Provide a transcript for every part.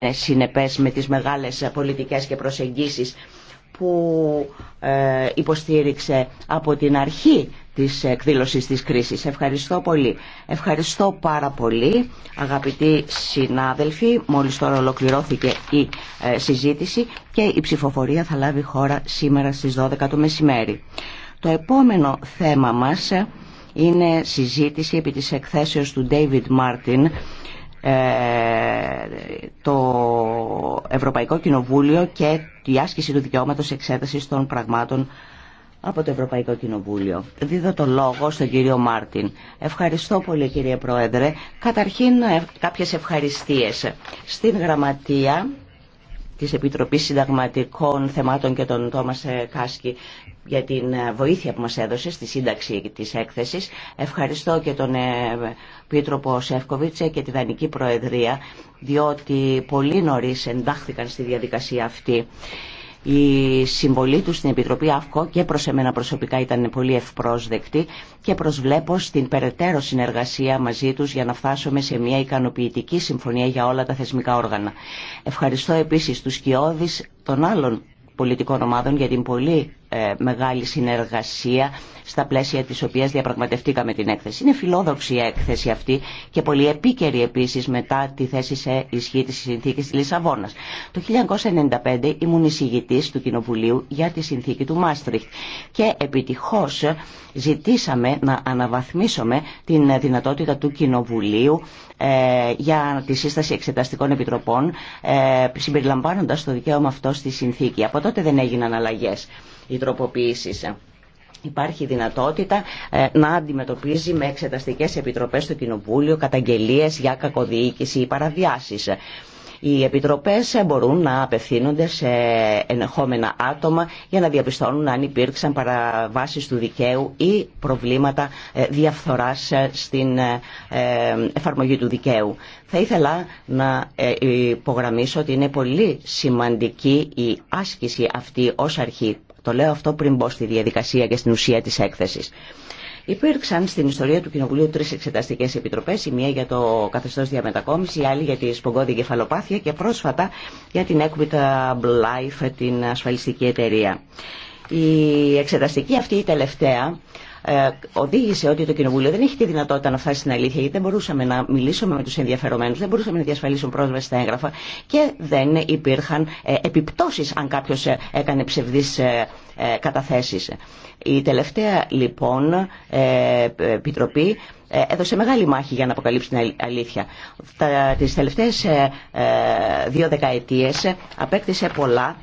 Ε, συνεπές με τις μεγάλες πολιτικές και προσεγγίσεις που ε, υποστήριξε από την αρχή της εκδήλωσης της κρίσης. Ευχαριστώ πολύ. Ευχαριστώ πάρα πολύ αγαπητοί συνάδελφοι. Μόλις τώρα ολοκληρώθηκε η ε, συζήτηση και η ψηφοφορία θα λάβει χώρα σήμερα στις 12 το μεσημέρι. Το επόμενο θέμα μας είναι συζήτηση επί της εκθέσεως του David Μάρτιν ε, το Ευρωπαϊκό Κοινοβούλιο και τη άσκηση του δικαιώματο εξέταση των πραγμάτων από το Ευρωπαϊκό Κοινοβούλιο. Δίδω το λόγο στον κύριο Μάρτιν. Ευχαριστώ πολύ κύριε Πρόεδρε. Καταρχήν ε, κάποιες ευχαριστίες. Στην γραμματεία της Επιτροπής Συνταγματικών Θεμάτων και τον Τόμας ε, Κάσκι για την ε, βοήθεια που μας έδωσε στη σύνταξη της έκθεσης. Ευχαριστώ και τον ε, Πίτροπο Σεύκοβιτσε και τη Δανική Προεδρία, διότι πολύ νωρίς εντάχθηκαν στη διαδικασία αυτή. Η συμβολή του στην Επιτροπή ΑΦΚΟ και προς εμένα προσωπικά ήταν πολύ ευπρόσδεκτη και προσβλέπω στην περαιτέρω συνεργασία μαζί τους για να φτάσουμε σε μια ικανοποιητική συμφωνία για όλα τα θεσμικά όργανα. Ευχαριστώ επίσης τους κοιόδης των άλλων πολιτικών ομάδων για την πολύ ε, μεγάλη συνεργασία στα πλαίσια της οποίας διαπραγματευτήκαμε την έκθεση. Είναι φιλόδοξη η έκθεση αυτή και πολύ επίκαιρη επίσης μετά τη θέση σε ισχύ της συνθήκης της Λισαβόνας. Το 1995 ήμουν εισηγητής του Κοινοβουλίου για τη συνθήκη του Μάστριχτ και επιτυχώς ζητήσαμε να αναβαθμίσουμε την δυνατότητα του Κοινοβουλίου ε, για τη σύσταση εξεταστικών επιτροπών ε, συμπεριλαμβάνοντας το δικαίωμα αυτό στη συνθήκη. Από τότε δεν έγιναν αλλαγές οι τροποποιήσεις. Υπάρχει δυνατότητα ε, να αντιμετωπίζει με εξεταστικές επιτροπές στο Κοινοβούλιο καταγγελίες για κακοδιοίκηση ή παραβιάσεις. Οι επιτροπές μπορούν να απευθύνονται σε ενεχόμενα άτομα για να διαπιστώνουν αν υπήρξαν παραβάσεις του δικαίου ή προβλήματα ε, διαφθοράς ε, στην ε, εφαρμογή του δικαίου. Θα ήθελα να υπογραμμίσω ότι είναι πολύ σημαντική η άσκηση αυτή ως αρχή. Το λέω αυτό πριν μπω στη διαδικασία και στην ουσία της έκθεσης. Υπήρξαν στην ιστορία του Κοινοβουλίου τρει εξεταστικέ επιτροπέ, η μία για το καθεστώ διαμετακόμιση, η άλλη για τη σπογγόδη κεφαλοπάθεια και πρόσφατα για την Equitable Life, την ασφαλιστική εταιρεία. Η εξεταστική αυτή η τελευταία ε, οδήγησε ότι το Κοινοβούλιο δεν έχει τη δυνατότητα να φτάσει στην αλήθεια, γιατί δεν μπορούσαμε να μιλήσουμε με του ενδιαφερομένου, δεν μπορούσαμε να διασφαλίσουμε πρόσβαση στα έγγραφα και δεν υπήρχαν ε, επιπτώσει αν κάποιο ε, έκανε ψευδεί καταθέσει. Η τελευταία λοιπόν επιτροπή έδωσε μεγάλη μάχη για να αποκαλύψει την αλήθεια. Τις τελευταίες δύο δεκαετίες απέκτησε πολλά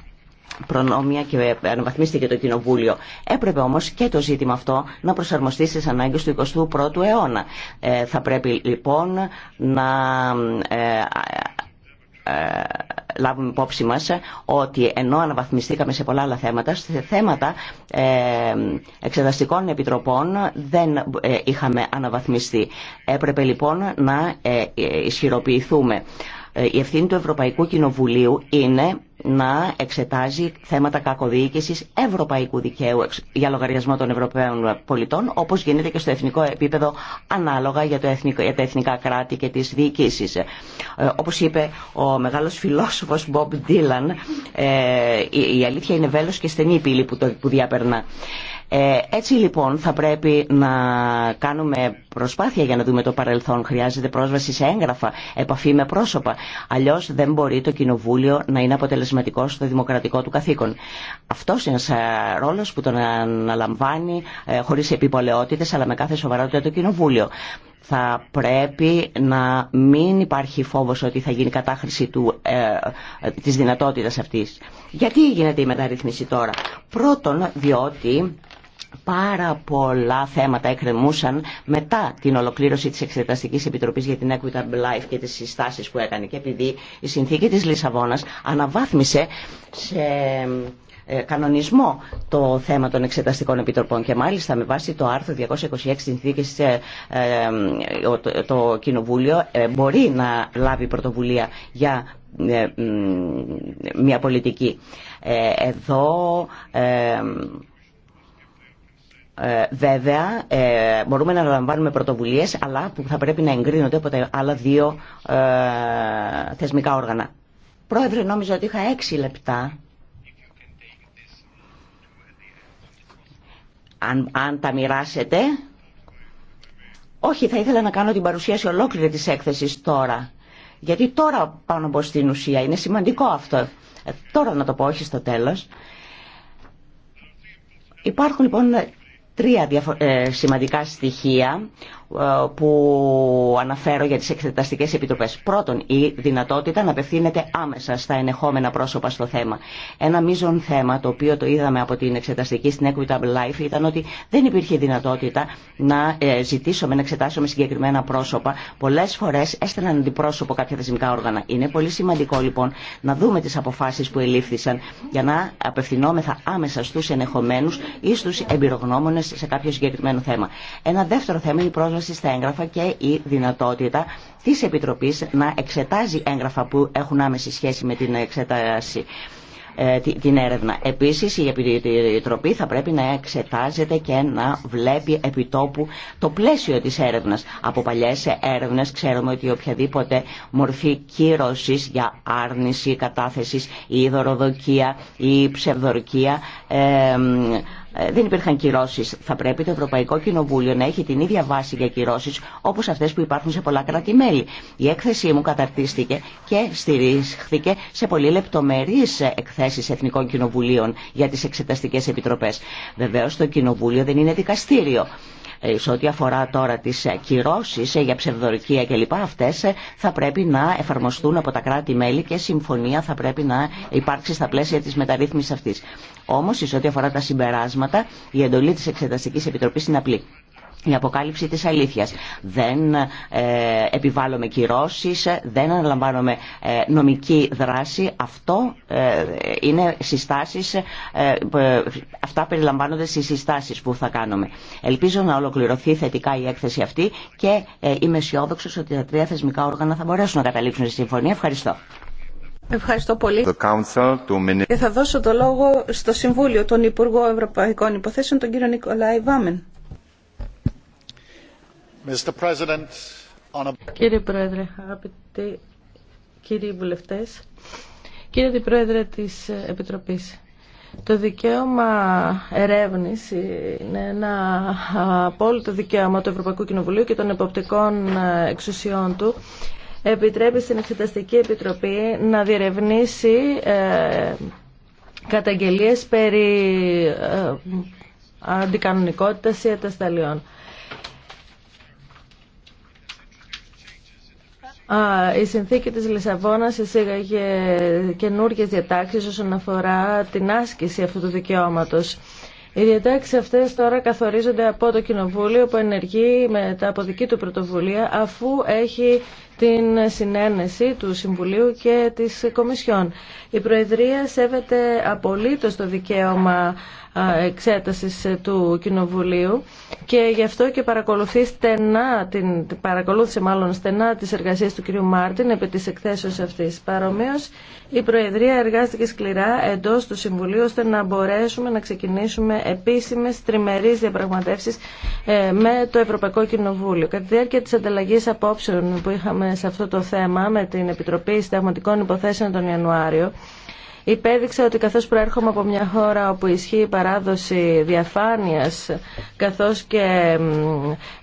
προνόμια και αναβαθμίστηκε το Κοινοβούλιο. Έπρεπε όμω και το ζήτημα αυτό να προσαρμοστεί στι ανάγκε του 21ου αιώνα. Ε, θα πρέπει λοιπόν να ε, ε, ε λάβουμε υπόψη μα ότι ενώ αναβαθμιστήκαμε σε πολλά άλλα θέματα, σε θέματα ε, εξεταστικών επιτροπών δεν είχαμε αναβαθμιστεί. Έπρεπε λοιπόν να ισχυροποιηθούμε. Ε, η ευθύνη του Ευρωπαϊκού Κοινοβουλίου είναι να εξετάζει θέματα κακοδιοίκηση ευρωπαϊκού δικαίου για λογαριασμό των Ευρωπαίων πολιτών, όπω γίνεται και στο εθνικό επίπεδο ανάλογα για, το εθνικό, για τα εθνικά κράτη και τι διοικήσει. Ε, όπω είπε ο μεγάλο φιλόσοφο Μπομπ Ντίλαν, ε, η, αλήθεια είναι βέλο και στενή πύλη που διαπερνά. Ε, έτσι λοιπόν θα πρέπει να κάνουμε προσπάθεια για να δούμε το παρελθόν. Χρειάζεται πρόσβαση σε έγγραφα, επαφή με πρόσωπα. Αλλιώ δεν μπορεί το Κοινοβούλιο να είναι αποτελεσματικό στο δημοκρατικό του καθήκον. Αυτό είναι ένα ε, ρόλο που τον αναλαμβάνει ε, χωρί επιπολαιότητε αλλά με κάθε σοβαρότητα το Κοινοβούλιο. Θα πρέπει να μην υπάρχει φόβος ότι θα γίνει κατάχρηση του, ε, της δυνατότητας αυτής. Γιατί γίνεται η μεταρρύθμιση τώρα. Πρώτον, διότι πάρα πολλά θέματα εκκρεμούσαν μετά την ολοκλήρωση της Εξεταστικής Επιτροπής για την Equitable Life και τις συστάσεις που έκανε και επειδή η συνθήκη της Λισαβόνας αναβάθμισε σε ε, κανονισμό το θέμα των εξεταστικών επιτροπών και μάλιστα με βάση το άρθρο 226 συνθήκης ε, ε, το Κοινοβούλιο μπορεί να λάβει πρωτοβουλία για μια πολιτική. Εδώ ε, βέβαια ε, μπορούμε να λαμβάνουμε πρωτοβουλίες αλλά που θα πρέπει να εγκρίνονται από τα άλλα δύο ε, θεσμικά όργανα. Πρόεδρε, νόμιζα ότι είχα έξι λεπτά. Αν, αν τα μοιράσετε... Όχι, θα ήθελα να κάνω την παρουσίαση ολόκληρη της έκθεσης τώρα. Γιατί τώρα πάνω από στην ουσία. Είναι σημαντικό αυτό. τώρα να το πω, όχι στο τέλος. Υπάρχουν λοιπόν τρία ε, σημαντικά στοιχεία ε, που αναφέρω για τις εξεταστικές επιτροπές. Πρώτον, η δυνατότητα να απευθύνεται άμεσα στα ενεχόμενα πρόσωπα στο θέμα. Ένα μείζον θέμα, το οποίο το είδαμε από την εξεταστική στην Equitable Life, ήταν ότι δεν υπήρχε δυνατότητα να ε, ζητήσουμε, να εξετάσουμε συγκεκριμένα πρόσωπα. Πολλές φορές έστελναν αντιπρόσωπο κάποια θεσμικά όργανα. Είναι πολύ σημαντικό λοιπόν να δούμε τις αποφάσεις που ελήφθησαν για να απευθυνόμεθα άμεσα στους ενεχομένους ή στους εμπειρογνώμονες σε κάποιο συγκεκριμένο θέμα. Ένα δεύτερο θέμα είναι η στους εμπειρογνωμονες σε καποιο συγκεκριμενο θεμα ενα δευτερο θεμα ειναι η πρόσβαση στα έγγραφα και η δυνατότητα της Επιτροπής να εξετάζει έγγραφα που έχουν άμεση σχέση με την εξετάση ε, την έρευνα. Επίσης η Επιτροπή θα πρέπει να εξετάζεται και να βλέπει επιτόπου το πλαίσιο της έρευνας. Από παλιές έρευνες ξέρουμε ότι οποιαδήποτε μορφή κύρωσης για άρνηση κατάθεσης ή δωροδοκία ή ψευδορκία ε, ε, δεν υπήρχαν κυρώσει. Θα πρέπει το Ευρωπαϊκό Κοινοβούλιο να έχει την ίδια βάση για κυρώσει όπω αυτέ που υπάρχουν σε πολλά κράτη-μέλη. Η έκθεσή μου καταρτίστηκε και στηρίχθηκε σε πολύ λεπτομερεί εκθέσει Εθνικών Κοινοβουλίων για τι Εξεταστικέ Επιτροπέ. Βεβαίω το Κοινοβούλιο δεν είναι δικαστήριο. Ε, σε ό,τι αφορά τώρα τις ε, κυρώσεις ε, για ψευδορικία κλπ. Αυτές θα πρέπει να εφαρμοστούν από τα κράτη-μέλη και συμφωνία θα πρέπει να υπάρξει στα πλαίσια της μεταρρύθμισης αυτής. Όμως, σε ό,τι αφορά τα συμπεράσματα, η εντολή της Εξεταστικής Επιτροπής είναι απλή η αποκάλυψη της αλήθειας. Δεν ε, επιβάλλουμε κυρώσεις, δεν αναλαμβάνουμε νομική δράση. Αυτό ε, είναι συστάσεις, ε, αυτά περιλαμβάνονται στις συστάσεις που θα κάνουμε. Ελπίζω να ολοκληρωθεί θετικά η έκθεση αυτή και είμαι αισιόδοξο ότι τα τρία θεσμικά όργανα θα μπορέσουν να καταλήξουν στη συμφωνία. Ευχαριστώ. Ευχαριστώ πολύ. Και θα δώσω το λόγο στο Συμβούλιο των Υπουργών Ευρωπαϊκών Υποθέσεων, τον κύριο Νικολάη Βάμεν. Κύριε Πρόεδρε, αγαπητοί κύριοι βουλευτές, κύριε τη Πρόεδρε της Επιτροπής, το δικαίωμα ερεύνης είναι ένα απόλυτο δικαίωμα του Ευρωπαϊκού Κοινοβουλίου και των εποπτικών εξουσιών του επιτρέπει στην Εξεταστική Επιτροπή να διερευνήσει ε, καταγγελίες περί ε, αντικανονικότητας ή ατασταλιών. Η συνθήκη της Λισαβόνας εισήγαγε καινούργιες διατάξεις όσον αφορά την άσκηση αυτού του δικαιώματος. Οι διατάξεις αυτές τώρα καθορίζονται από το Κοινοβούλιο που ενεργεί με τα αποδική του πρωτοβουλία αφού έχει την συνένεση του Συμβουλίου και της Κομισιόν. Η Προεδρία σέβεται απολύτως το δικαίωμα εξέτασης ε, του Κοινοβουλίου και γι' αυτό και παρακολουθεί στενά, την, παρακολούθησε μάλλον στενά τις εργασίες του κ. Μάρτιν επί της εκθέσεως αυτής. Παρομοίως η Προεδρία εργάστηκε σκληρά εντός του Συμβουλίου ώστε να μπορέσουμε να ξεκινήσουμε επίσημες τριμερείς διαπραγματεύσεις ε, με το Ευρωπαϊκό Κοινοβούλιο. Κατά τη διάρκεια της ανταλλαγής απόψεων που είχαμε σε αυτό το θέμα με την Επιτροπή Συνταγματικών Υποθέσεων τον Ιανουάριο, Υπέδειξε ότι καθώς προέρχομαι από μια χώρα όπου ισχύει η παράδοση διαφάνειας καθώς και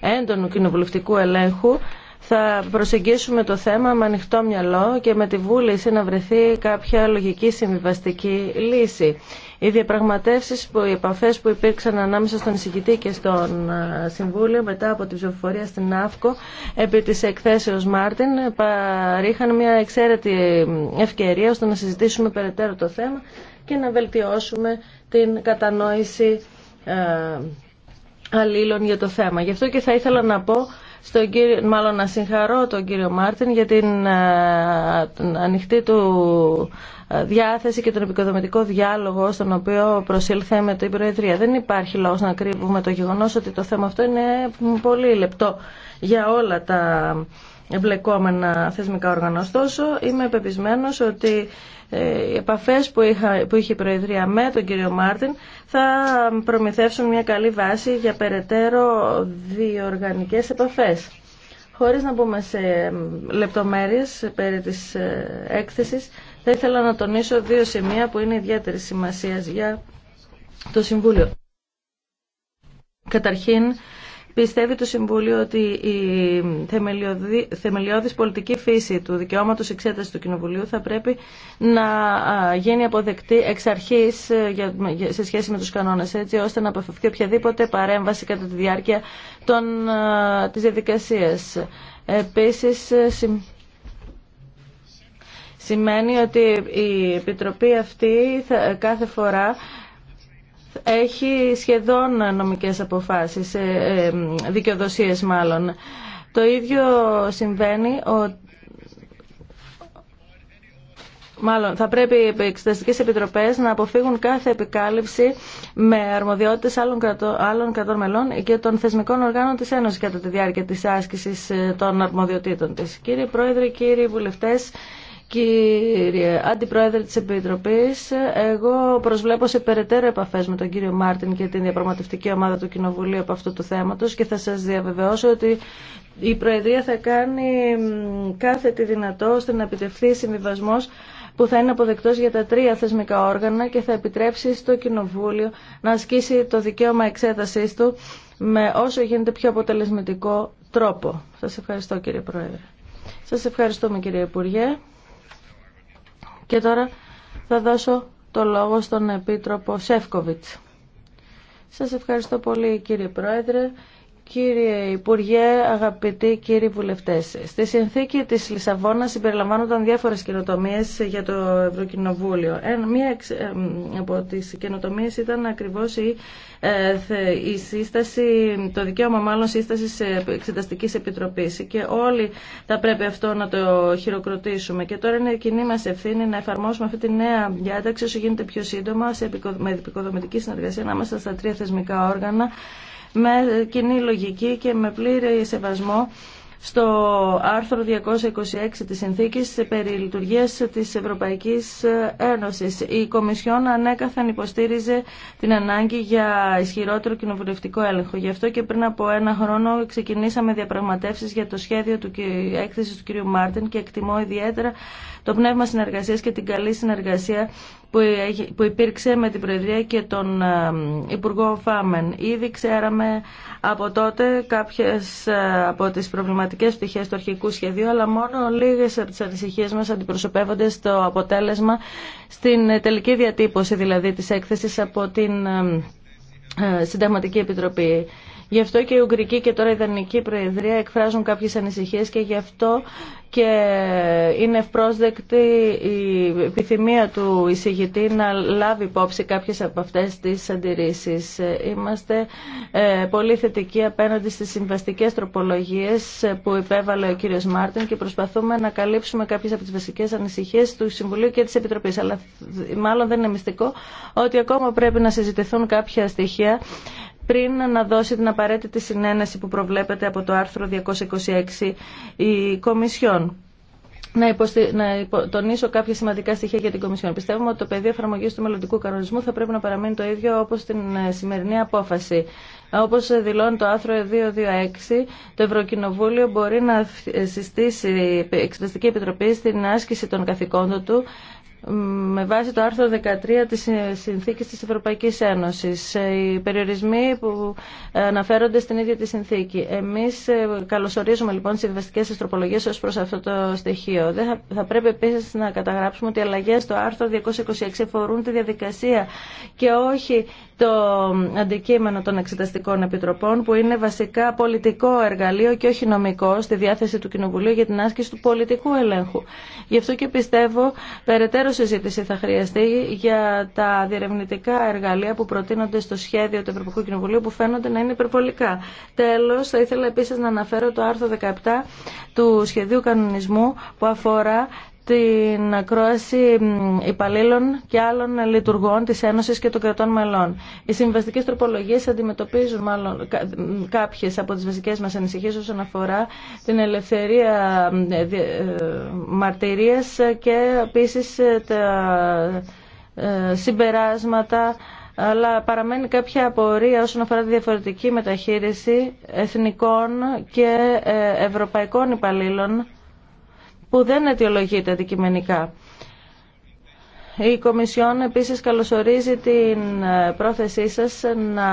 έντονου κοινοβουλευτικού ελέγχου θα προσεγγίσουμε το θέμα με ανοιχτό μυαλό και με τη βούληση να βρεθεί κάποια λογική συμβιβαστική λύση. Οι διαπραγματεύσει, οι επαφέ που υπήρξαν ανάμεσα στον εισηγητή και στον Συμβούλιο μετά από την ψηφοφορία στην ΑΦΚΟ επί τη εκθέσεω Μάρτιν ε, παρήχαν μια εξαίρετη ευκαιρία ώστε να συζητήσουμε περαιτέρω το θέμα και να βελτιώσουμε την κατανόηση ε, αλλήλων για το θέμα. Γι' αυτό και θα ήθελα να πω στον κύριο, μάλλον να συγχαρώ τον κύριο Μάρτιν για την ε, ανοιχτή του ε, διάθεση και τον επικοδομητικό διάλογο στον οποίο προσήλθε με την Προεδρία. Δεν υπάρχει λόγος να κρύβουμε το γεγονός ότι το θέμα αυτό είναι πολύ λεπτό για όλα τα εμπλεκόμενα θεσμικά όργανα. Ωστόσο, είμαι πεπισμένος ότι ε, οι επαφές που, είχε η Προεδρία με τον κύριο Μάρτιν θα προμηθεύσουν μια καλή βάση για περαιτέρω διοργανικές επαφές. Χωρίς να μπούμε σε λεπτομέρειες περί της ε, έκθεσης, θα ήθελα να τονίσω δύο σημεία που είναι ιδιαίτερη σημασία για το Συμβούλιο. Καταρχήν, Πιστεύει το Συμβούλιο ότι η θεμελιώδης πολιτική φύση του δικαιώματος εξέταση του Κοινοβουλίου θα πρέπει να γίνει αποδεκτή εξ αρχής ε, σε σχέση με τους κανόνες έτσι ώστε να αποφευθεί οποιαδήποτε παρέμβαση κατά τη διάρκεια των, της διαδικασίας. Επίσης, ε, σημαίνει ότι η Επιτροπή αυτή κάθε φορά έχει σχεδόν νομικές αποφάσεις, ε, ε, δικαιοδοσίες μάλλον. Το ίδιο συμβαίνει ότι Μάλλον, θα πρέπει οι εξεταστικές επιτροπές να αποφύγουν κάθε επικάλυψη με αρμοδιότητες άλλων, κρατώ, άλλων κρατών μελών και των θεσμικών οργάνων της Ένωσης κατά τη διάρκεια της άσκησης ε, των αρμοδιοτήτων της. Κύριε Πρόεδρε, κύριοι βουλευτές, Κύριε Αντιπρόεδρε της Επιτροπής, εγώ προσβλέπω σε περαιτέρω επαφές με τον κύριο Μάρτιν και την διαπραγματευτική ομάδα του Κοινοβουλίου από αυτού του θέματος και θα σας διαβεβαιώσω ότι η Προεδρία θα κάνει κάθε τι δυνατό ώστε να επιτευχθεί συμβιβασμό που θα είναι αποδεκτός για τα τρία θεσμικά όργανα και θα επιτρέψει στο Κοινοβούλιο να ασκήσει το δικαίωμα εξέτασής του με όσο γίνεται πιο αποτελεσματικό τρόπο. Σας ευχαριστώ κύριε Πρόεδρε. Σας ευχαριστούμε κύριε Υπουργέ. Και τώρα θα δώσω το λόγο στον Επίτροπο Σεύκοβιτς. Σας ευχαριστώ πολύ κύριε Πρόεδρε. Κύριε Υπουργέ, αγαπητοί κύριοι βουλευτέ, στη συνθήκη τη Λισαβόνα συμπεριλαμβάνονταν διάφορε καινοτομίε για το Ευρωκοινοβούλιο. μία από τι καινοτομίε ήταν ακριβώ η, ε, η σύσταση, το δικαίωμα μάλλον σύσταση εξεταστική επιτροπή. Και όλοι θα πρέπει αυτό να το χειροκροτήσουμε. Και τώρα είναι η κοινή μα ευθύνη να εφαρμόσουμε αυτή τη νέα διάταξη όσο γίνεται πιο σύντομα, σε, με επικοδομητική συνεργασία ανάμεσα στα τρία θεσμικά όργανα με κοινή λογική και με πλήρη σεβασμό στο άρθρο 226 της Συνθήκης περί λειτουργίας της Ευρωπαϊκής Ένωσης. Η Κομισιόν ανέκαθεν υποστήριζε την ανάγκη για ισχυρότερο κοινοβουλευτικό έλεγχο. Γι' αυτό και πριν από ένα χρόνο ξεκινήσαμε διαπραγματεύσεις για το σχέδιο του έκθεσης του κ. Μάρτιν και εκτιμώ ιδιαίτερα το πνεύμα συνεργασίας και την καλή συνεργασία που υπήρξε με την Προεδρία και τον ε, Υπουργό Φάμεν. Ήδη ξέραμε από τότε κάποιες ε, από τις προβληματικές σημαντικέ πτυχέ του αρχικού σχεδίου, αλλά μόνο λίγε από τι ανησυχίε μα αντιπροσωπεύονται στο αποτέλεσμα στην τελική διατύπωση δηλαδή τη έκθεση από την ε, ε, Συνταγματική Επιτροπή. Γι' αυτό και η Ουγγρική και τώρα η Δανική Προεδρία εκφράζουν κάποιε ανησυχίε και γι' αυτό και είναι ευπρόσδεκτη η επιθυμία του εισηγητή να λάβει υπόψη κάποιε από αυτέ τι αντιρρήσει. Είμαστε ε, πολύ θετικοί απέναντι στι συμβαστικέ τροπολογίε που υπέβαλε ο κ. Μάρτιν και προσπαθούμε να καλύψουμε κάποιε από τι βασικέ ανησυχίε του Συμβουλίου και τη Επιτροπή. Αλλά μάλλον δεν είναι μυστικό ότι ακόμα πρέπει να συζητηθούν κάποια στοιχεία πριν να δώσει την απαραίτητη συνένεση που προβλέπεται από το άρθρο 226 η Κομισιόν. Να, υποστη... να τονίσω κάποια σημαντικά στοιχεία για την Κομισιόν. Πιστεύουμε ότι το πεδίο εφαρμογή του μελλοντικού κανονισμού θα πρέπει να παραμείνει το ίδιο όπω την ε, σημερινή απόφαση. Όπω δηλώνει το άρθρο 226, το Ευρωκοινοβούλιο μπορεί να συστήσει εξεταστική επιτροπή στην άσκηση των καθηκόντων του με βάση το άρθρο 13 της Συνθήκης της Ευρωπαϊκής Ένωσης. Ε, οι περιορισμοί που αναφέρονται στην ίδια τη συνθήκη. Εμείς ε, καλωσορίζουμε λοιπόν τις συμβαστικές αστροπολογίες ως προς αυτό το στοιχείο. Δεν θα, πρέπει επίσης να καταγράψουμε ότι οι αλλαγές στο άρθρο 226 αφορούν τη διαδικασία και όχι το αντικείμενο των εξεταστικών επιτροπών που είναι βασικά πολιτικό εργαλείο και όχι νομικό στη διάθεση του Κοινοβουλίου για την άσκηση του πολιτικού ελέγχου. Γι' αυτό και πιστεύω περαιτέρω συζήτηση θα χρειαστεί για τα διερευνητικά εργαλεία που προτείνονται στο σχέδιο του Ευρωπαϊκού Κοινοβουλίου που φαίνονται να είναι υπερβολικά. Τέλο, θα ήθελα επίση να αναφέρω το άρθρο 17 του σχεδίου κανονισμού που αφορά την ακρόαση υπαλλήλων και άλλων λειτουργών της Ένωσης και των κρατών μελών. Οι συμβαστικές τροπολογίες αντιμετωπίζουν μάλλον κάποιες από τις βασικές μας ανησυχίες όσον αφορά την ελευθερία ε, ε, μαρτυρίας και επίσης ε, τα συμπεράσματα αλλά παραμένει κάποια απορία όσον αφορά τη διαφορετική μεταχείριση εθνικών και ευρωπαϊκών υπαλλήλων που δεν αιτιολογείται αντικειμενικά. Η Κομισιόν επίσης καλωσορίζει την ε, πρόθεσή σας να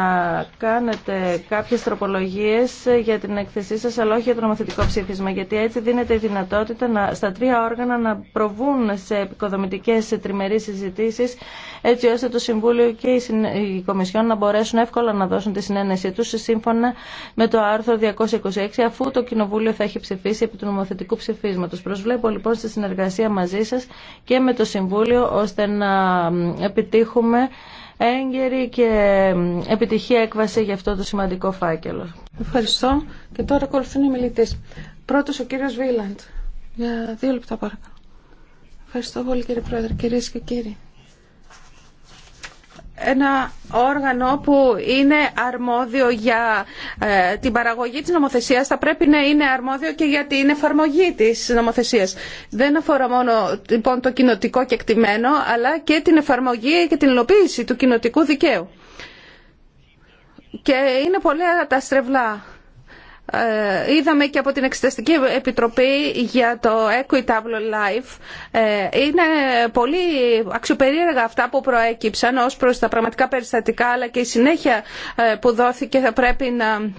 κάνετε κάποιες τροπολογίες για την έκθεσή σας, αλλά όχι για το νομοθετικό ψήφισμα, γιατί έτσι δίνεται η δυνατότητα να, στα τρία όργανα να προβούν σε επικοδομητικές τριμερείς συζητήσεις έτσι ώστε το Συμβούλιο και οι Κομισιόν να μπορέσουν εύκολα να δώσουν τη συνένεσή τους σύμφωνα με το άρθρο 226 αφού το Κοινοβούλιο θα έχει ψηφίσει επί του νομοθετικού ψηφίσματος. Προσβλέπω λοιπόν στη συνεργασία μαζί σα και με το Συμβούλιο ώστε να επιτύχουμε έγκαιρη και επιτυχή έκβαση για αυτό το σημαντικό φάκελο. Ευχαριστώ. Και τώρα ακολουθούν οι μιλητέ. Πρώτο ο κύριο Βίλαντ. Για δύο λεπτά παρακαλώ. Ευχαριστώ πολύ κύριε Πρόεδρε, κυρίες και κύριοι ένα όργανο που είναι αρμόδιο για ε, την παραγωγή της νομοθεσίας θα πρέπει να είναι αρμόδιο και για την εφαρμογή της νομοθεσίας. Δεν αφορά μόνο λοιπόν, το κοινοτικό κεκτημένο αλλά και την εφαρμογή και την υλοποίηση του κοινοτικού δικαίου. Και είναι πολλά τα στρεβλά ε, είδαμε και από την Εξεταστική Επιτροπή για το Equitable Life. Ε, είναι πολύ αξιοπερίεργα αυτά που προέκυψαν ως προς τα πραγματικά περιστατικά αλλά και η συνέχεια ε, που δόθηκε θα πρέπει να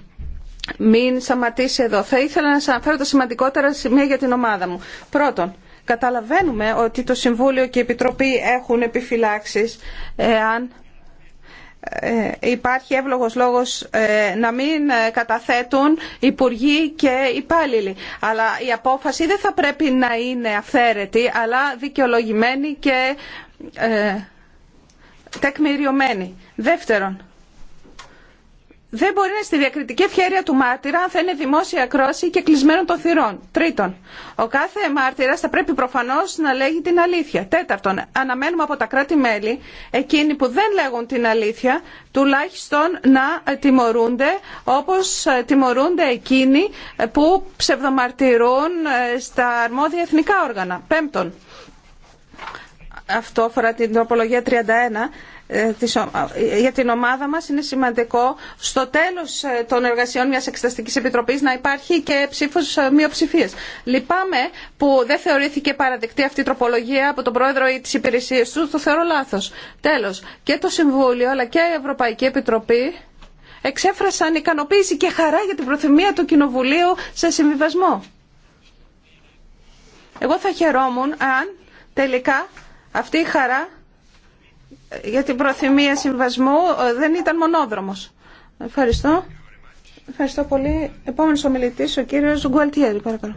μην σταματήσει εδώ. Θα ήθελα να σας αναφέρω τα σημαντικότερα σημεία για την ομάδα μου. Πρώτον, καταλαβαίνουμε ότι το Συμβούλιο και η Επιτροπή έχουν επιφυλάξεις εάν ε, υπάρχει εύλογος λόγος ε, να μην ε, καταθέτουν υπουργοί και υπάλληλοι. Αλλά η απόφαση δεν θα πρέπει να είναι αυθαίρετη, αλλά δικαιολογημένη και τεκμηριωμένη. Δεύτερον, δεν μπορεί να είναι στη διακριτική ευχαίρεια του μάρτυρα αν θα είναι δημόσια κρόση και κλεισμένο των θυρών. Τρίτον, ο κάθε μάρτυρα θα πρέπει προφανώ να λέγει την αλήθεια. Τέταρτον, αναμένουμε από τα κράτη-μέλη, εκείνοι που δεν λέγουν την αλήθεια, τουλάχιστον να τιμωρούνται όπω τιμωρούνται εκείνοι που ψευδομαρτυρούν ε, στα αρμόδια εθνικά όργανα. Πέμπτον, αυτό αφορά την τροπολογία 31, ε, ε, για την ομάδα μας είναι σημαντικό στο τέλος ε, των εργασιών μιας εξεταστικής επιτροπής να υπάρχει και ψήφος μειοψηφίες. Λυπάμαι που δεν θεωρήθηκε παραδεκτή αυτή η τροπολογία από τον πρόεδρο ή τις υπηρεσίες του, το θεωρώ λάθος. Τέλος, και το Συμβούλιο αλλά και η Ευρωπαϊκή Επιτροπή εξέφρασαν ικανοποίηση και χαρά για την προθυμία του Κοινοβουλίου σε συμβιβασμό. Εγώ θα χαιρόμουν αν τελικά αυτή η χαρά για την προθυμία συμβασμού ε, δεν ήταν μονόδρομος. Ευχαριστώ. Ευχαριστώ πολύ. Επόμενος ομιλητής, ο κύριος Γκουαλτιέρη, παρακαλώ.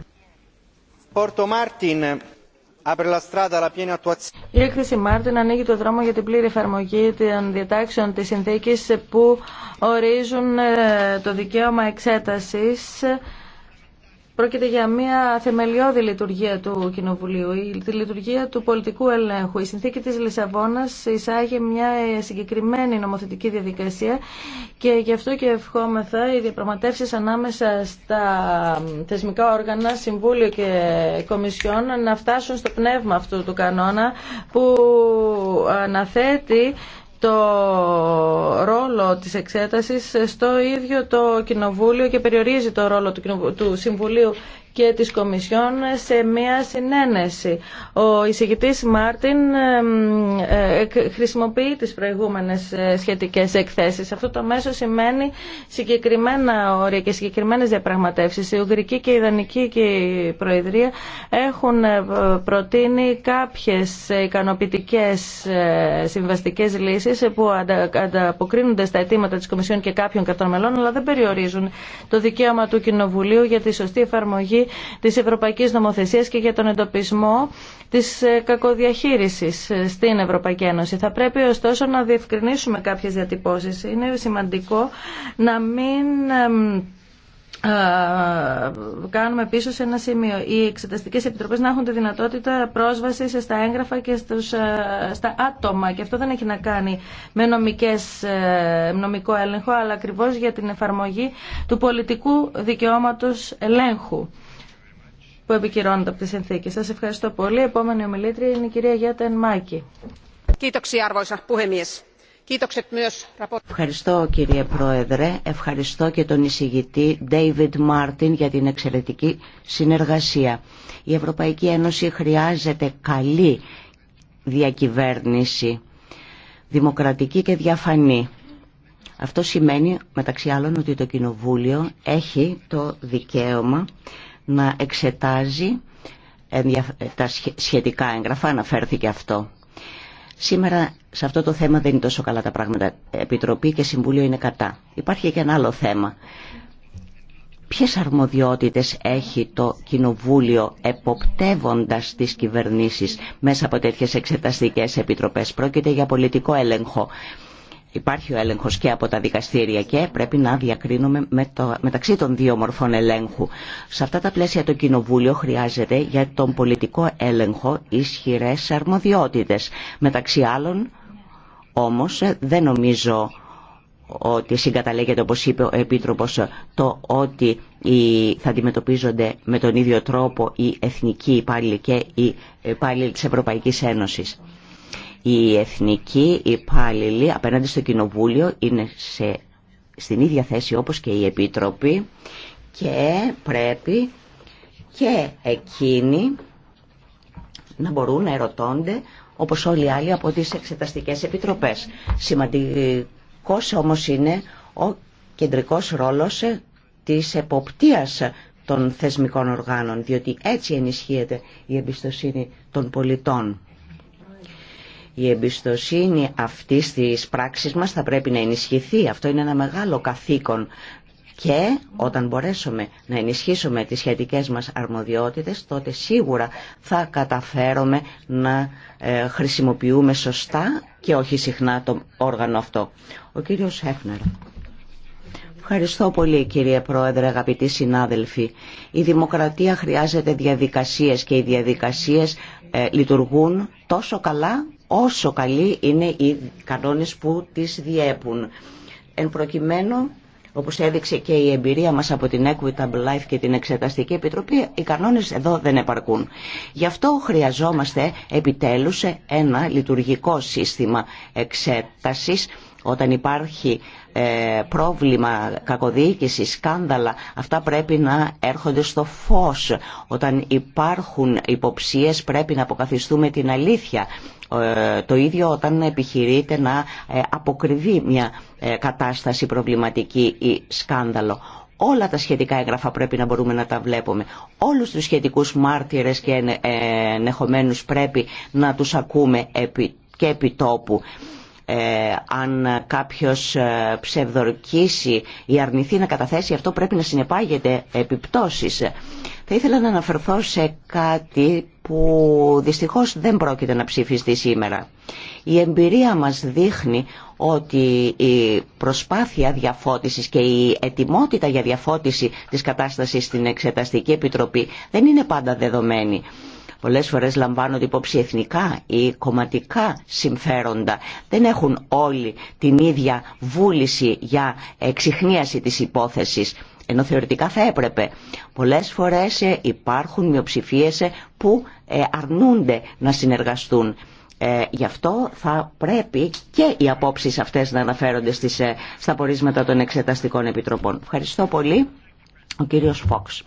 Πόρτο Μάρτιν, η έκθεση Μάρτιν ανοίγει το δρόμο για την πλήρη εφαρμογή των διατάξεων της συνθήκης που ορίζουν ε, το δικαίωμα εξέτασης Πρόκειται για μια θεμελιώδη λειτουργία του Κοινοβουλίου, τη λειτουργία του πολιτικού ελέγχου. Η συνθήκη της Λισαβόνας εισάγει μια ε, συγκεκριμένη νομοθετική διαδικασία και γι' αυτό και ευχόμεθα οι διαπραγματεύσεις ανάμεσα στα θεσμικά όργανα, Συμβούλιο και Κομισιόν να φτάσουν στο πνεύμα αυτού του κανόνα που αναθέτει το ρόλο της εξέτασης στο ίδιο το Κοινοβούλιο και περιορίζει το ρόλο του, Συμβουλίου και της Κομισιόν σε μια συνένεση. Ο εισηγητής Μάρτιν ε, χρησιμοποιεί τις προηγούμενες ε, σχετικές εκθέσεις. Αυτό το μέσο σημαίνει συγκεκριμένα όρια και συγκεκριμένες διαπραγματεύσεις. Η Ουγγρική και η Ιδανική και η Προεδρία έχουν ε, προτείνει κάποιες ικανοποιητικές συμβαστικές λύσεις που ανταποκρίνονται στα αιτήματα της Κομισιόν και κάποιων κρατών μελών, αλλά δεν περιορίζουν το δικαίωμα του Κοινοβουλίου για τη σωστή εφαρμογή της Ευρωπαϊκής Νομοθεσίας και για τον εντοπισμό της ε, κακοδιαχείρισης ε, στην Ευρωπαϊκή Ένωση. Θα πρέπει ωστόσο να διευκρινίσουμε κάποιες διατυπώσεις. Είναι σημαντικό να μην ε, κάνουμε πίσω σε ένα σημείο. Οι εξεταστικέ επιτροπές να έχουν τη δυνατότητα πρόσβαση στα έγγραφα και στους, στα άτομα. Και αυτό δεν έχει να κάνει με νομικές, νομικό έλεγχο, αλλά ακριβώ για την εφαρμογή του πολιτικού δικαιώματος ελέγχου που επικυρώνονται από τη συνθήκη Σας ευχαριστώ πολύ. Επόμενη ομιλήτρια είναι η κυρία Γιάτα Ενμάκη. Ευχαριστώ κύριε Πρόεδρε. Ευχαριστώ και τον εισηγητή David Μάρτιν για την εξαιρετική συνεργασία. Η Ευρωπαϊκή Ένωση χρειάζεται καλή διακυβέρνηση, δημοκρατική και διαφανή. Αυτό σημαίνει μεταξύ άλλων ότι το Κοινοβούλιο έχει το δικαίωμα να εξετάζει τα σχετικά έγγραφα, αναφέρθηκε αυτό. Σήμερα σε αυτό το θέμα δεν είναι τόσο καλά τα πράγματα. Επιτροπή και Συμβούλιο είναι κατά. Υπάρχει και ένα άλλο θέμα. Ποιες αρμοδιότητες έχει το Κοινοβούλιο εποπτεύοντας τις κυβερνήσεις μέσα από τέτοιες εξεταστικές επιτροπές. Πρόκειται για πολιτικό έλεγχο υπάρχει ο έλεγχος και από τα δικαστήρια και πρέπει να διακρίνουμε με μεταξύ των δύο μορφών ελέγχου. Σε αυτά τα πλαίσια το Κοινοβούλιο χρειάζεται για τον πολιτικό έλεγχο ισχυρές αρμοδιότητες. Μεταξύ άλλων όμως δεν νομίζω ότι συγκαταλέγεται όπως είπε ο Επίτροπος το ότι θα αντιμετωπίζονται με τον ίδιο τρόπο οι εθνικοί υπάλληλοι και οι υπάλληλοι της Ευρωπαϊκής Ένωσης. Οι εθνικοί υπάλληλοι απέναντι στο Κοινοβούλιο είναι σε, στην ίδια θέση όπως και η Επίτροπη και πρέπει και εκείνοι να μπορούν να ερωτώνται όπως όλοι οι άλλοι από τις εξεταστικές επιτροπές. Σημαντικός όμως είναι ο κεντρικός ρόλος της εποπτείας των θεσμικών οργάνων, διότι έτσι ενισχύεται η εμπιστοσύνη των πολιτών. Η εμπιστοσύνη αυτή της πράξης μας θα πρέπει να ενισχυθεί. Αυτό είναι ένα μεγάλο καθήκον και όταν μπορέσουμε να ενισχύσουμε τις σχετικές μας αρμοδιότητες, τότε σίγουρα θα καταφέρουμε να ε, χρησιμοποιούμε σωστά και όχι συχνά το όργανο αυτό. Ο κύριος Έφνερ. Ευχαριστώ πολύ κύριε Πρόεδρε, αγαπητοί συνάδελφοι. Η δημοκρατία χρειάζεται διαδικασίες και οι διαδικασίες ε, λειτουργούν τόσο καλά όσο καλοί είναι οι κανόνες που τις διέπουν. Εν προκειμένου, όπως έδειξε και η εμπειρία μας από την Equitable Life και την Εξεταστική Επιτροπή, οι κανόνες εδώ δεν επαρκούν. Γι' αυτό χρειαζόμαστε επιτέλους ένα λειτουργικό σύστημα εξέτασης όταν υπάρχει ε, πρόβλημα, κακοδιοίκηση, σκάνδαλα, αυτά πρέπει να έρχονται στο φως. Όταν υπάρχουν υποψίες πρέπει να αποκαθιστούμε την αλήθεια. Ε, το ίδιο όταν επιχειρείται να ε, αποκριβεί μια κατάσταση προβληματική ή σκάνδαλο. Όλα τα σχετικά έγγραφα πρέπει να μπορούμε να τα βλέπουμε. Όλους τους σχετικούς μάρτυρες και ενεχομένους πρέπει να τους ακούμε και επί τόπου. Ε, αν κάποιος ε, ψευδορκήσει ή αρνηθεί να καταθέσει αυτό πρέπει να συνεπάγεται επιπτώσεις. Θα ήθελα να αναφερθώ σε κάτι που δυστυχώς δεν πρόκειται να ψηφιστεί σήμερα. Η εμπειρία μας δείχνει ότι η προσπάθεια διαφώτισης και η ετοιμότητα για διαφώτιση της κατάστασης στην Εξεταστική Επιτροπή δεν είναι πάντα δεδομένη. Πολλές φορές λαμβάνονται υπόψη εθνικά ή κομματικά συμφέροντα. Δεν έχουν όλοι την ίδια βούληση για εξυχνίαση της υπόθεσης ενώ θεωρητικά θα έπρεπε. Πολλές φορές ε, υπάρχουν μειοψηφίες ε, που ε, αρνούνται να συνεργαστούν. Γι' αυτό θα πρέπει και οι απόψεις αυτές να αναφέρονται στις, στα πορίσματα των εξεταστικών επιτροπών. Ευχαριστώ πολύ. Ο κύριος Φόξ.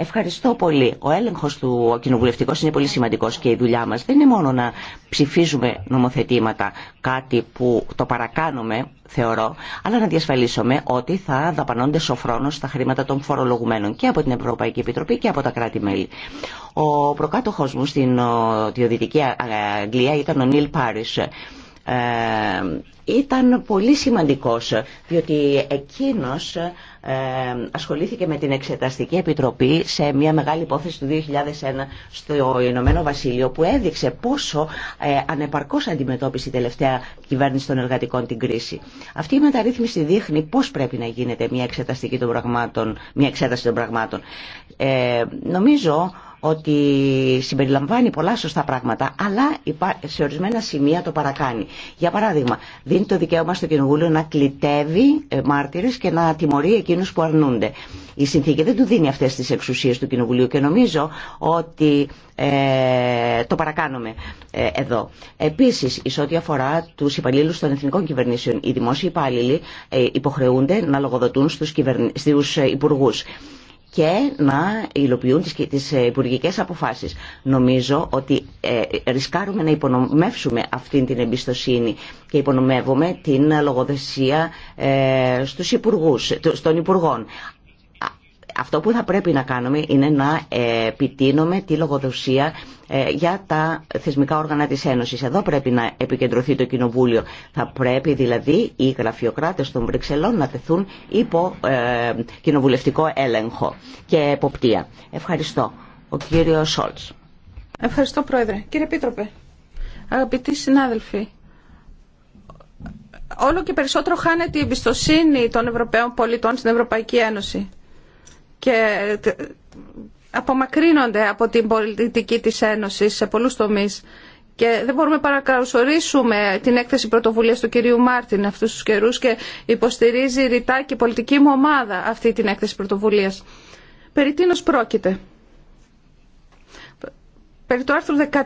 Ευχαριστώ πολύ. Ο έλεγχος του κοινοβουλευτικού είναι πολύ σημαντικός και η δουλειά μας δεν είναι μόνο να ψηφίζουμε νομοθετήματα, κάτι που το παρακάνουμε θεωρώ, αλλά να διασφαλίσουμε ότι θα δαπανώνται σοφρόνως τα χρήματα των φορολογουμένων και από την Ευρωπαϊκή Επιτροπή και από τα κράτη-μέλη. Ο προκάτοχός μου στην ε, Διοδυτική Αγγλία ήταν ο Νίλ Πάρις, ε, ήταν πολύ σημαντικός διότι εκείνος ε, ασχολήθηκε με την Εξεταστική Επιτροπή σε μια μεγάλη υπόθεση του 2001 στο Ηνωμένο Βασίλειο που έδειξε πόσο ε, ανεπαρκώς αντιμετώπισε η τελευταία κυβέρνηση των εργατικών την κρίση. Αυτή η μεταρρύθμιση δείχνει πώς πρέπει να γίνεται μια, εξεταστική των πραγμάτων, μια εξέταση των πραγμάτων. Ε, νομίζω ότι συμπεριλαμβάνει πολλά σωστά πράγματα, αλλά σε ορισμένα σημεία το παρακάνει. Για παράδειγμα, δίνει το δικαίωμα στο Κοινοβούλιο να κλητεύει ε, μάρτυρες και να τιμωρεί εκείνους που αρνούνται. Η συνθήκη δεν του δίνει αυτές τις εξουσίες του Κοινοβουλίου και νομίζω ότι ε, το παρακάνουμε ε, εδώ. Επίσης, εις ό,τι αφορά τους υπαλλήλου των εθνικών κυβερνήσεων, οι δημόσιοι υπάλληλοι υποχρεούνται να λογοδοτούν στους, κυβερν και να υλοποιούν τις, τις ε, υπουργικές αποφάσεις. Νομίζω ότι ε, ρισκάρουμε να υπονομεύσουμε αυτή την εμπιστοσύνη και υπονομεύουμε την λογοδεσία ε, στους υπουργούς, ε, των υπουργών. Αυτό που θα πρέπει να κάνουμε είναι να ε, επιτείνουμε τη λογοδοσία ε, για τα θεσμικά όργανα της Ένωσης. Εδώ πρέπει να επικεντρωθεί το Κοινοβούλιο. Θα πρέπει δηλαδή οι γραφειοκράτες των Βρυξελών να τεθούν υπό ε, κοινοβουλευτικό έλεγχο και εποπτεία. Ευχαριστώ. Ο κύριος Σόλτς. Ευχαριστώ Πρόεδρε. Κύριε πίτροπε, αγαπητοί συνάδελφοι, όλο και περισσότερο χάνεται η εμπιστοσύνη των Ευρωπαίων πολιτών στην Ευρωπαϊκή Ένωση και ε, απομακρύνονται από την πολιτική της Ένωσης σε πολλούς τομείς. Και δεν μπορούμε παρά την έκθεση πρωτοβουλία του κυρίου Μάρτιν αυτού του καιρού και υποστηρίζει ρητά και η πολιτική μου ομάδα αυτή την έκθεση πρωτοβουλία. Περί τίνος πρόκειται περί του άρθρου 14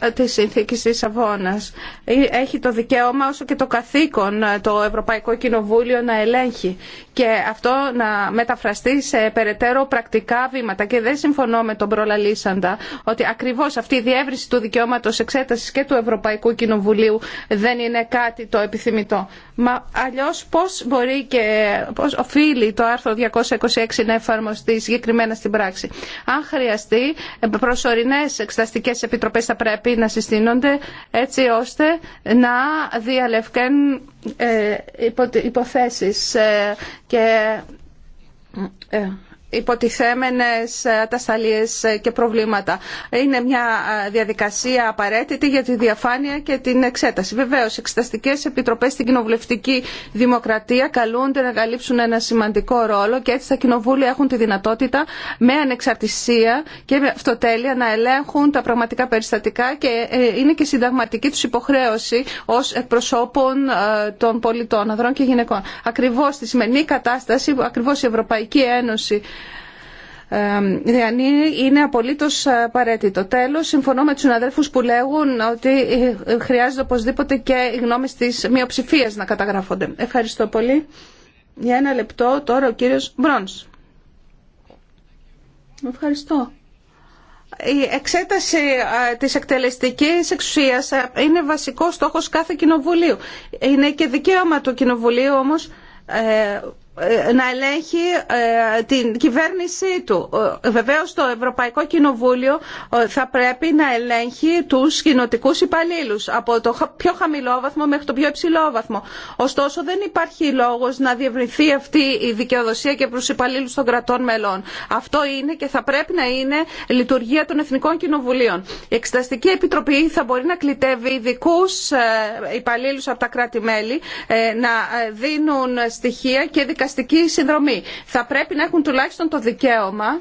ε, της Συνθήκης της Αβώνας. Ε, έχει το δικαίωμα όσο και το καθήκον ε, το Ευρωπαϊκό Κοινοβούλιο να ελέγχει και αυτό να μεταφραστεί σε περαιτέρω πρακτικά βήματα και δεν συμφωνώ με τον προλαλήσαντα ότι ακριβώς αυτή η διεύρυνση του δικαιώματος εξέτασης και του Ευρωπαϊκού Κοινοβουλίου δεν είναι κάτι το επιθυμητό. Μα αλλιώς πώς μπορεί και πώς οφείλει το άρθρο 226 να εφαρμοστεί συγκεκριμένα στην πράξη. Αν χρειαστεί τωρινές εξεταστικές επιτροπές θα πρέπει να συστήνονται έτσι ώστε να ε, υποθέσεις ε, και ε, υποτιθέμενες ατασταλίες και προβλήματα. Είναι μια διαδικασία απαραίτητη για τη διαφάνεια και την εξέταση. Βεβαίως, εξεταστικές επιτροπές στην κοινοβουλευτική δημοκρατία καλούνται να καλύψουν ένα σημαντικό ρόλο και έτσι τα κοινοβούλια έχουν τη δυνατότητα με ανεξαρτησία και με αυτοτέλεια να ελέγχουν τα πραγματικά περιστατικά και ε, είναι και συνταγματική τους υποχρέωση ως εκπροσώπων ε, των πολιτών, ανδρών και γυναικών. Ακριβώς στη σημερινή κατάσταση, ακριβώς η Ευρωπαϊκή Ένωση είναι απολύτω απαραίτητο. Τέλο, συμφωνώ με τους συναδέλφους που λέγουν ότι ε, ε, χρειάζεται οπωσδήποτε και οι γνώμες της μειοψηφία να καταγράφονται. Ευχαριστώ πολύ. Για ένα λεπτό τώρα ο κύριος Μπρόνς. Ευχαριστώ. Η εξέταση της εκτελεστικής εξουσίας είναι βασικό στόχος κάθε κοινοβουλίου. Είναι και δικαίωμα του κοινοβουλίου όμως ε, ε, να ελέγχει ε, την κυβέρνησή του. Ε, Βεβαίω, το Ευρωπαϊκό Κοινοβούλιο θα πρέπει να ελέγχει του κοινοτικού υπαλλήλου, από το πιο χαμηλό βαθμό μέχρι το πιο υψηλό βαθμό. Ωστόσο δεν υπάρχει λόγο να διευρυνθεί αυτή η δικαιοδοσία και προ υπαλλήλου των κρατών μελών. Αυτό είναι και θα πρέπει να είναι λειτουργία των Εθνικών Κοινοβουλίων. Η Εξεταστική Επιτροπή θα μπορεί να κλητεύει ειδικού υπαλλήλου από τα κράτη-μέλη να δίνουν στοιχεία και δικαστικά δικαστική συνδρομή. Θα πρέπει να έχουν τουλάχιστον το δικαίωμα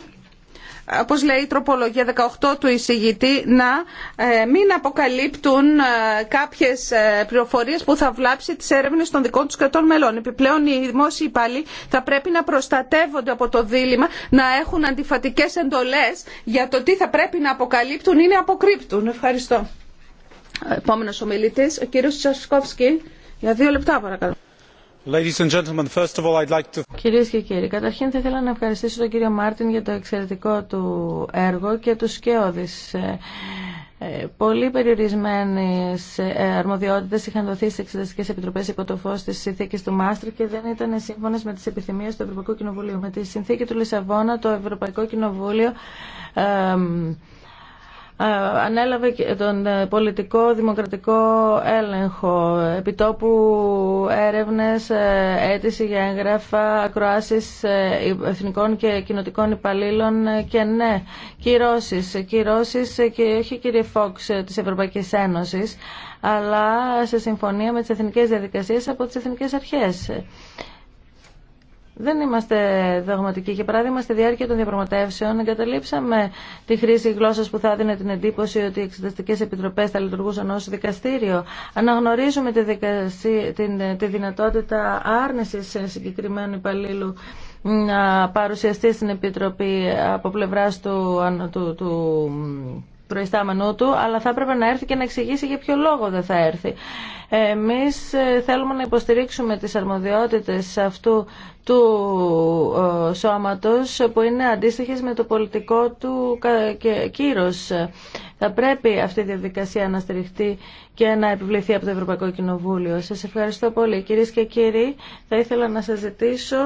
όπως λέει η τροπολογία 18 του εισηγητή, να ε, μην αποκαλύπτουν ε, κάποιες ε, πληροφορίες που θα βλάψει τις έρευνες των δικών τους κρατών μελών. Επιπλέον οι δημόσιοι υπάλληλοι θα πρέπει να προστατεύονται από το δίλημα, να έχουν αντιφατικές εντολές για το τι θα πρέπει να αποκαλύπτουν ή να αποκρύπτουν. Ευχαριστώ. Επόμενος ομιλητής, ο κύριος Τσασκόφσκι. Για δύο λεπτά παρακαλώ. Κυρίες και κύριοι, καταρχήν θα ήθελα να ευχαριστήσω τον κύριο Μάρτιν για το εξαιρετικό του έργο και τους σκιώδης. Ε, ε, πολύ περιορισμένε αρμοδιότητε είχαν δοθεί στι εξεταστικέ επιτροπέ υπό το φω τη συνθήκη του Μάστρου και δεν ήταν σύμφωνε με τι επιθυμίε του Ευρωπαϊκού Κοινοβουλίου. Με τη συνθήκη του Λισαβόνα, το Ευρωπαϊκό Κοινοβούλιο ανέλαβε τον ε, πολιτικό δημοκρατικό έλεγχο, επιτόπου έρευνες, ε, αίτηση για έγγραφα, ακροάσεις ε, εθνικών και κοινοτικών υπαλλήλων και ναι, κυρώσεις, κυρώσεις και όχι κύριε Φόξ της Ευρωπαϊκής Ένωσης, αλλά σε συμφωνία με τις εθνικές διαδικασίες από τις εθνικές αρχές. Δεν είμαστε δογματικοί. Για παράδειγμα, στη διάρκεια των διαπραγματεύσεων εγκαταλείψαμε τη χρήση γλώσσα που θα έδινε την εντύπωση ότι οι εξεταστικέ επιτροπέ θα λειτουργούσαν ω δικαστήριο. Αναγνωρίζουμε τη, την, τη δυνατότητα άρνηση συγκεκριμένου υπαλλήλου να παρουσιαστεί στην Επιτροπή από πλευρά του προϊστάμενού του, αλλά θα έπρεπε να έρθει και να εξηγήσει για ποιο λόγο δεν θα έρθει. Εμείς ε, θέλουμε να υποστηρίξουμε τις αρμοδιότητες αυτού του ε, σώματος που είναι αντίστοιχες με το πολιτικό του κύρος. Θα πρέπει αυτή η διαδικασία να στηριχτεί και να επιβληθεί από το Ευρωπαϊκό Κοινοβούλιο. Σας ευχαριστώ πολύ. Κυρίες και κύριοι, θα ήθελα να σας ζητήσω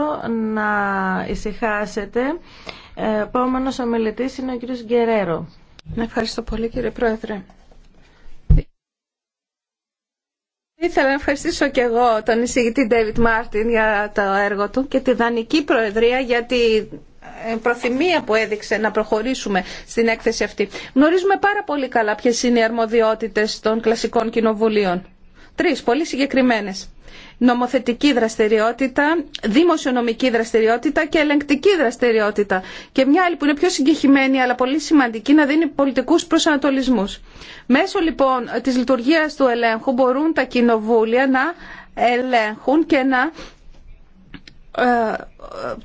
να ησυχάσετε. Ε, επόμενος ομιλητής είναι ο κύριος Γκερέρο. Ευχαριστώ πολύ κύριε Πρόεδρε. Ήθελα να ευχαριστήσω και εγώ τον εισηγητή David Μάρτιν για το έργο του και τη Δανική Προεδρία για την ε, προθυμία που έδειξε να προχωρήσουμε στην έκθεση αυτή. Γνωρίζουμε πάρα πολύ καλά ποιες είναι οι αρμοδιότητες των κλασικών κοινοβουλίων. Τρεις πολύ συγκεκριμένες νομοθετική δραστηριότητα, δημοσιονομική δραστηριότητα και ελεγκτική δραστηριότητα. Και μια άλλη που είναι πιο συγκεχημένη αλλά πολύ σημαντική να δίνει πολιτικού προσανατολισμού. Μέσω λοιπόν τη λειτουργία του ελέγχου μπορούν τα κοινοβούλια να ελέγχουν και να ε,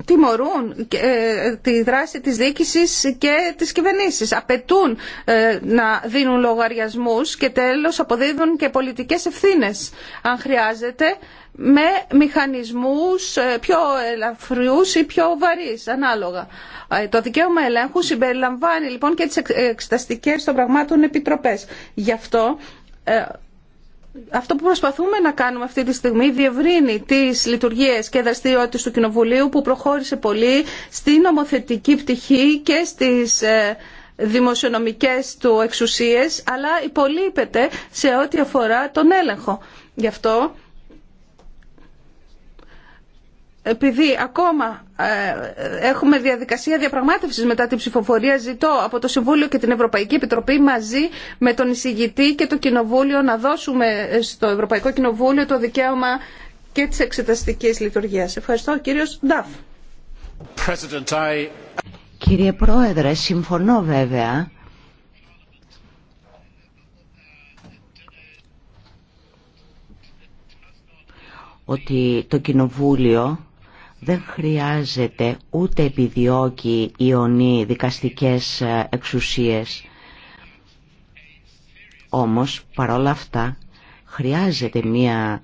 τιμωρούν ε, τη δράση της διοίκησης και της κυβερνήσης. Απαιτούν ε, να δίνουν λογαριασμούς και τέλος αποδίδουν και πολιτικές ευθύνες αν χρειάζεται με μηχανισμούς πιο ελαφριούς ή πιο βαρύς ανάλογα. Το δικαίωμα ελέγχου συμπεριλαμβάνει λοιπόν και τις εξεταστικές των πραγμάτων επιτροπές. Γι' αυτό αυτό που προσπαθούμε να κάνουμε αυτή τη στιγμή διευρύνει τις λειτουργίες και δραστηριότητες του Κοινοβουλίου που προχώρησε πολύ στην νομοθετική πτυχή και στις ε, δημοσιονομικές του εξουσίες αλλά υπολείπεται σε ό,τι αφορά τον έλεγχο. Γι' αυτό επειδή ακόμα ε, έχουμε διαδικασία διαπραγμάτευσης μετά την ψηφοφορία, ζητώ από το Συμβούλιο και την Ευρωπαϊκή Επιτροπή μαζί με τον εισηγητή και το Κοινοβούλιο να δώσουμε στο Ευρωπαϊκό Κοινοβούλιο το δικαίωμα και της εξεταστικής λειτουργίας. Ευχαριστώ. Κύριος Νταφ. Κύριε Πρόεδρε, συμφωνώ βέβαια. ότι το Κοινοβούλιο δεν χρειάζεται ούτε επιδιώκει ιονή δικαστικές ε, εξουσίες. Όμως, παρόλα αυτά, χρειάζεται μία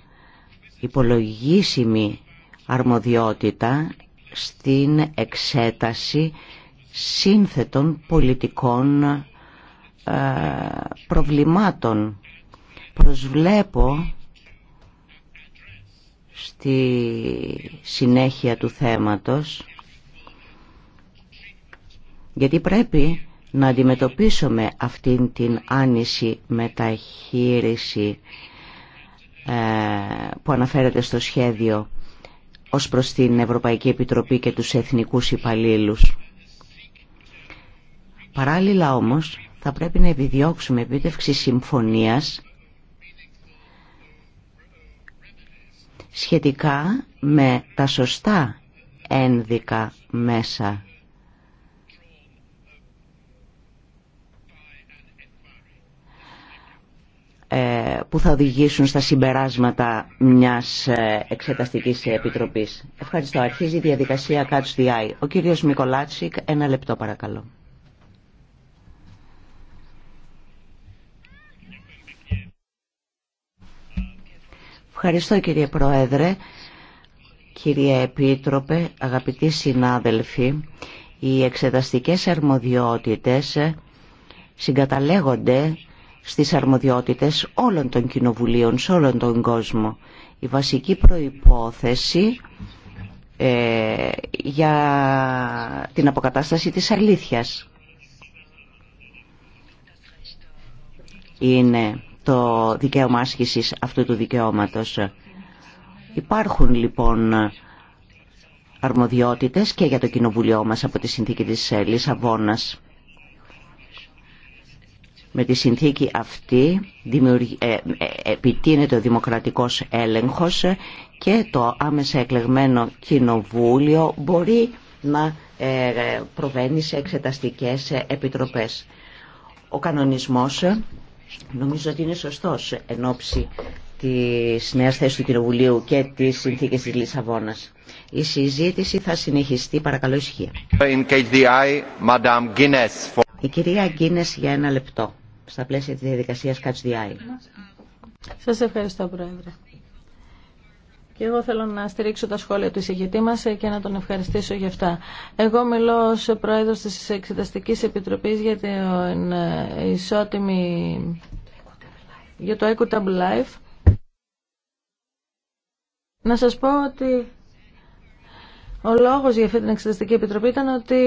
υπολογίσιμη αρμοδιότητα στην εξέταση σύνθετων πολιτικών ε, προβλημάτων. Προσβλέπω στη συνέχεια του θέματος γιατί πρέπει να αντιμετωπίσουμε αυτήν την άνηση μεταχείριση ε, που αναφέρεται στο σχέδιο ως προς την Ευρωπαϊκή Επιτροπή και τους εθνικούς υπαλλήλους. Παράλληλα όμως θα πρέπει να επιδιώξουμε επίτευξη συμφωνίας σχετικά με τα σωστά ένδικα μέσα. Ε, που θα οδηγήσουν στα συμπεράσματα μιας ε, εξεταστικής επιτροπής. Ευχαριστώ. Αρχίζει η διαδικασία Catch the Eye. Ο κύριος Μικολάτσικ, ένα λεπτό παρακαλώ. Ευχαριστώ κύριε Πρόεδρε, κύριε Επίτροπε, αγαπητοί συνάδελφοι. Οι εξεταστικές αρμοδιότητες συγκαταλέγονται στις αρμοδιότητες όλων των κοινοβουλίων, σε όλον τον κόσμο. Η βασική προϋπόθεση ε, για την αποκατάσταση της αλήθειας είναι το δικαίωμα άσκησης αυτού του δικαιώματος. Υπάρχουν λοιπόν αρμοδιότητες και για το κοινοβουλίο μας από τη συνθήκη της Λισαβόνα. Με τη συνθήκη αυτή ε, ε, επιτείνεται ο δημοκρατικός έλεγχος και το άμεσα εκλεγμένο κοινοβούλιο μπορεί να ε, προβαίνει σε εξεταστικές επιτροπές. Ο κανονισμός Νομίζω ότι είναι σωστό εν ώψη της νέα θέση του Κοινοβουλίου και τη συνθήκη τη Λισαβόνα. Η συζήτηση θα συνεχιστεί. Παρακαλώ ησυχία. Η κυρία Γκίνε για ένα λεπτό στα πλαίσια τη διαδικασία Catch Σα Σας ευχαριστώ Πρόεδρε. Και εγώ θέλω να στηρίξω τα σχόλια του εισηγητή μα και να τον ευχαριστήσω για αυτά. Εγώ μιλώ ω πρόεδρο τη Εξεταστική Επιτροπή για την ε, ισότιμη... για το Equitable Life. Να σας πω ότι ο λόγος για αυτή την Εξεταστική Επιτροπή ήταν ότι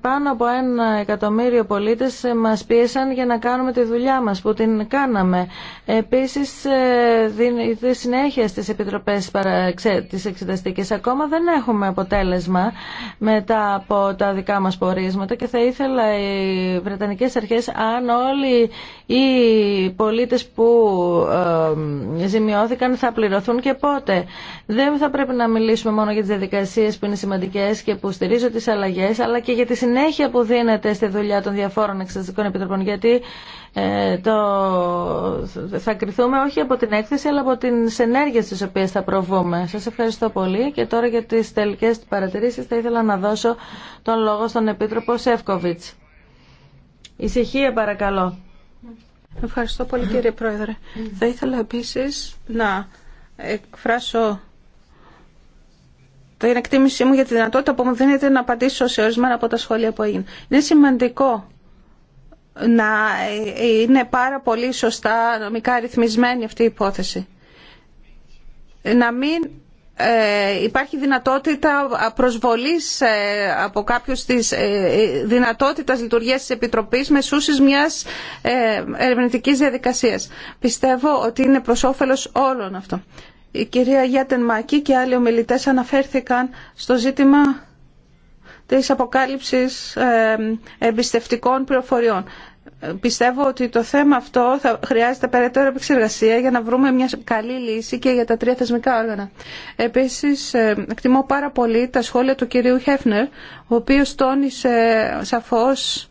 πάνω από ένα εκατομμύριο πολίτες ε, μας πίεσαν για να κάνουμε τη δουλειά μα, που την κάναμε. Επίσης, ε, δίνει συνέχεια στι Επιτροπές της Εξεταστικής ακόμα δεν έχουμε αποτέλεσμα μετά από τα δικά μας πορίσματα και θα ήθελα οι Βρετανικές Αρχές αν όλοι οι πολίτε που ε, ζημιώθηκαν θα πληρωθούν και πότε. Δεν θα πρέπει να μιλήσουμε μόνο για τις διαδικασίε που είναι σημαντικές και που στηρίζω τις αλλαγές, αλλά και για τη συνέχεια που δίνεται στη δουλειά των διαφόρων εξεταστικών επιτροπών, γιατί ε, το, θα κριθούμε όχι από την έκθεση, αλλά από τις ενέργειες τις οποίες θα προβούμε. Σας ευχαριστώ πολύ και τώρα για τις τελικές παρατηρήσεις θα ήθελα να δώσω τον λόγο στον Επίτροπο Σεύκοβιτς. Ησυχία παρακαλώ. Ευχαριστώ πολύ κύριε Πρόεδρε. Θα ήθελα επίσης να εκφράσω είναι εκτίμησή μου για τη δυνατότητα που μου δίνεται να απαντήσω σε ορισμένα από τα σχόλια που έγινε. Είναι σημαντικό να είναι πάρα πολύ σωστά νομικά ρυθμισμένη αυτή η υπόθεση. Να μην ε, υπάρχει δυνατότητα προσβολής ε, από κάποιους της ε, δυνατότητας λειτουργίας της Επιτροπής μεσούσης μιας ε, ερευνητικής διαδικασίας. Πιστεύω ότι είναι προς όφελος όλων αυτό. Η κυρία Γιάτεν και άλλοι ομιλητές αναφέρθηκαν στο ζήτημα της αποκάλυψης ε, εμπιστευτικών πληροφοριών. Πιστεύω ότι το θέμα αυτό θα χρειάζεται περαιτέρω επεξεργασία για να βρούμε μια καλή λύση και για τα τρία θεσμικά όργανα. Επίσης, ε, εκτιμώ πάρα πολύ τα σχόλια του κυρίου Χέφνερ, ο οποίος τόνισε σαφώς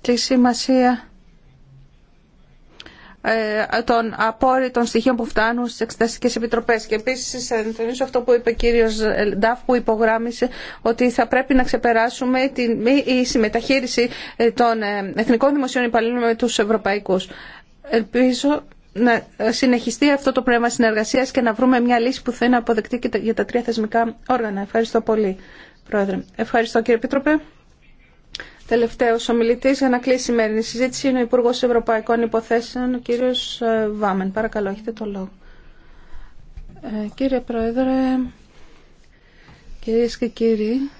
τη σημασία ε, των απόρριτων στοιχείων που φτάνουν στι εξεταστικέ επιτροπέ. Και επίση θα ε, αυτό που είπε ο κύριο ε, Νταφ που υπογράμμισε ότι θα πρέπει να ξεπεράσουμε τη μη συμμεταχείριση των εθνικών δημοσίων υπαλλήλων με του Ευρωπαϊκού. Ελπίζω να συνεχιστεί αυτό το πνεύμα συνεργασία και να βρούμε μια λύση που θα είναι αποδεκτή και για τα τρία θεσμικά όργανα. Ευχαριστώ πολύ, Πρόεδρε. Ευχαριστώ, κύριε Επίτροπε. Τελευταίο ομιλητή για να κλείσει η σημερινή συζήτηση είναι ο Υπουργό Ευρωπαϊκών Υποθέσεων, ο κύριο ε, Βάμεν. Παρακαλώ, έχετε το λόγο. Ε, κύριε Πρόεδρε, κυρίε και κύριοι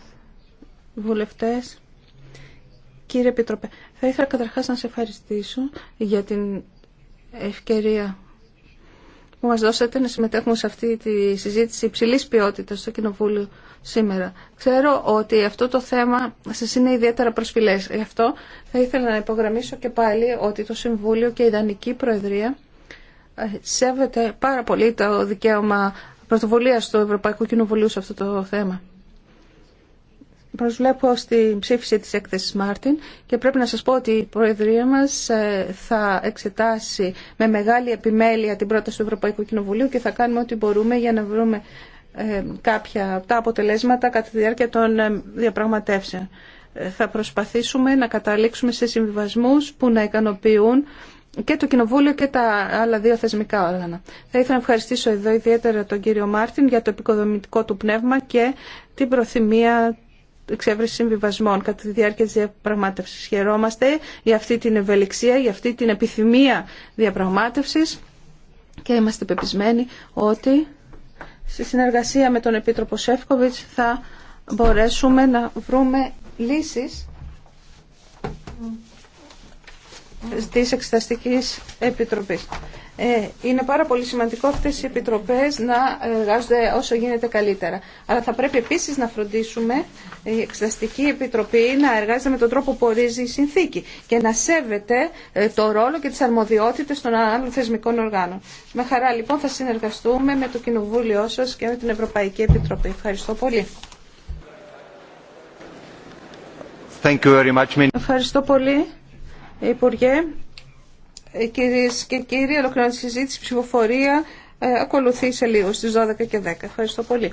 βουλευτέ, κύριε Επιτροπέ, θα ήθελα καταρχά να σε ευχαριστήσω για την ευκαιρία που μας δώσατε να συμμετέχουμε σε αυτή τη συζήτηση υψηλή ποιότητα στο Κοινοβούλιο σήμερα. Ξέρω ότι αυτό το θέμα σας είναι ιδιαίτερα προσφυλές. Γι' αυτό θα ήθελα να υπογραμμίσω και πάλι ότι το Συμβούλιο και η Ιδανική Προεδρία ε, σέβεται πάρα πολύ το δικαίωμα πρωτοβουλία του Ευρωπαϊκού Κοινοβουλίου σε αυτό το θέμα. Προσβλέπω στην ψήφιση της έκθεσης Μάρτιν και πρέπει να σας πω ότι η Προεδρία μας ε, θα εξετάσει με μεγάλη επιμέλεια την πρόταση του Ευρωπαϊκού Κοινοβουλίου και θα κάνουμε ό,τι μπορούμε για να βρούμε ε, κάποια από τα αποτελέσματα κατά τη διάρκεια των ε, διαπραγματεύσεων. Ε, θα προσπαθήσουμε να καταλήξουμε σε συμβιβασμούς που να ικανοποιούν και το Κοινοβούλιο και τα άλλα δύο θεσμικά όργανα. Θα ήθελα να ευχαριστήσω εδώ ιδιαίτερα τον κύριο Μάρτιν για το επικοδομητικό του πνεύμα και την προθυμία εξέβρεση συμβιβασμών κατά τη διάρκεια της διαπραγμάτευσης. Χαιρόμαστε για αυτή την ευελιξία, για αυτή την επιθυμία διαπραγμάτευσης και είμαστε πεπισμένοι ότι Στη συνεργασία με τον Επίτροπο Σεύκοβιτς θα μπορέσουμε να βρούμε λύσεις της Εξεταστικής Επιτροπής. Ε, είναι πάρα πολύ σημαντικό αυτέ οι επιτροπές να εργάζονται όσο γίνεται καλύτερα. Αλλά θα πρέπει επίσης να φροντίσουμε η Εξεταστική Επιτροπή να εργάζεται με τον τρόπο που ορίζει η συνθήκη και να σέβεται ε, το ρόλο και τι αρμοδιότητε των άλλων θεσμικών οργάνων. Με χαρά λοιπόν θα συνεργαστούμε με το Κοινοβούλιο σα και με την Ευρωπαϊκή Επιτροπή. Ευχαριστώ πολύ. Thank you very much. Ευχαριστώ πολύ, Υπουργέ. Ε, κυρίες και κύριοι, ολοκληρώνει τη συζήτηση, ψηφοφορία ε, ακολουθεί σε λίγο στις 12 και 10. Ευχαριστώ πολύ.